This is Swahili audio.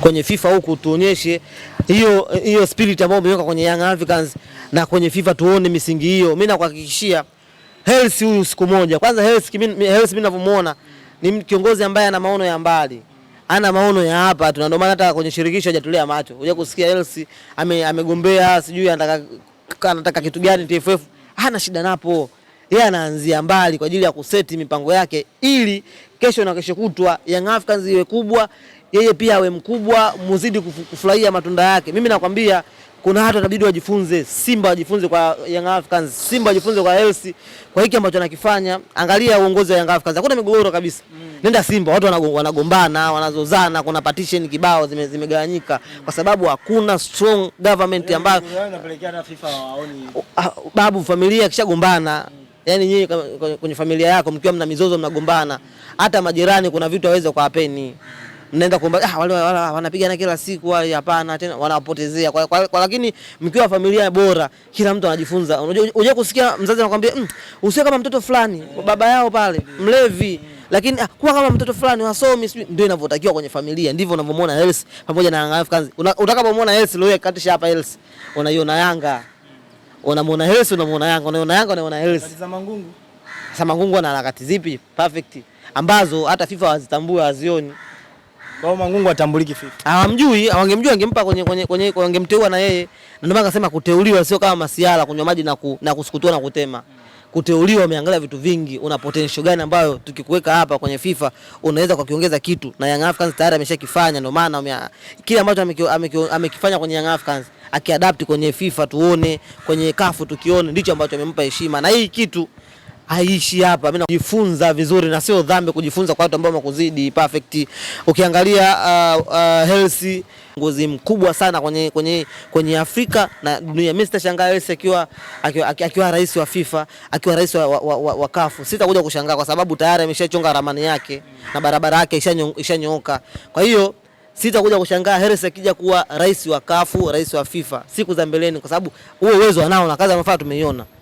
kwenye FIFA huku tuonyeshe hiyo hiyo spirit ambayo umeweka kwenye Young Africans na kwenye FIFA tuone misingi hiyo. Mimi nakuhakikishia Hersi huyu siku moja. Kwanza Hersi Hersi mimi ninavyomuona ni kiongozi ambaye ana maono ya mbali. Ana maono ya hapa tu. Ndio maana hata kwenye shirikisho hajatolea macho. Unja kusikia Hersi ame, amegombea sijui anataka anataka kitu gani TFF. Hana shida napo. Yeye anaanzia mbali kwa ajili ya kuseti mipango yake ili kesho na kesho kutwa Young Africans iwe kubwa yeye pia awe mkubwa, muzidi kufurahia matunda yake. Mimi nakwambia kuna watu watabidi wajifunze, Simba wajifunze kwa Young Africans, Simba wajifunze kwa Elsi, kwa hiki ambacho anakifanya. Angalia uongozi wa Young Africans, hakuna migogoro kabisa. Mm. Nenda Simba, watu wanagombana, wanazozana, kuna partition kibao zimegawanyika zime mm. kwa sababu hakuna strong government yaani ambayo Babu familia kishagombana mm. Yaani nyinyi kwenye familia yako mkiwa mna mizozo mnagombana, hata majirani kuna vitu hawezi kuwapeni mnaenda kuomba ah, wale wanapigana kila siku wale, hapana tena wanapotezea kwa, kwa, kwa, lakini mkiwa familia bora, kila mtu anajifunza. Unajua, unajua kusikia mzazi anakuambia mm, usiwe kama mtoto fulani baba yao pale mlevi lakini ah, kuwa kama mtoto fulani wasomi, sijui ndio inavyotakiwa kwenye familia. Ndivyo unavyomwona Elsi pamoja na Yanga Africans kazi. Una, utakapomwona Elsi leo katisha hapa Elsi, unaiona Yanga, unamwona Elsi, unamwona Yanga, unaiona Yanga, unaiona Elsi. Kati za Mangungu, Mangungu ana harakati zipi perfect ambazo hata FIFA wazitambua wazioni. Kwa hiyo Mangungu atambuliki fiti. Hawamjui, wangemjua angempa kwenye kwenye kwenye wangemteua na yeye. Na ndio maana akasema kuteuliwa sio kama masiala kunywa maji na ku, na kusukutua na kutema. Kuteuliwa umeangalia vitu vingi, una potential gani ambayo tukikuweka hapa kwenye FIFA unaweza kwa kiongeza kitu na Young Africans tayari ameshakifanya ndio maana kile ambacho amekifanya kwenye Young Africans akiadapt kwenye FIFA tuone, kwenye CAF tukione, ndicho ambacho amempa heshima na hii kitu haishi hapa. Mimi najifunza vizuri, na sio dhambi kujifunza kwa watu ambao wamekuzidi perfect. Ukiangalia uh, uh, Hersi ngozi mkubwa sana kwenye, kwenye, kwenye Afrika na dunia. Mimi sitashangaa Hersi akiwa, akiwa, akiwa rais wa FIFA akiwa rais wa, wa, wa, wa kafu, sitakuja kushangaa kwa sababu tayari ameshachonga ramani yake na barabara yake ishanyooka. Kwa hiyo sitakuja kushangaa Hersi akija kuwa rais wa kafu, rais wa FIFA siku za mbeleni, kwa sababu huo uwezo anao na kazi amefanya tumeiona.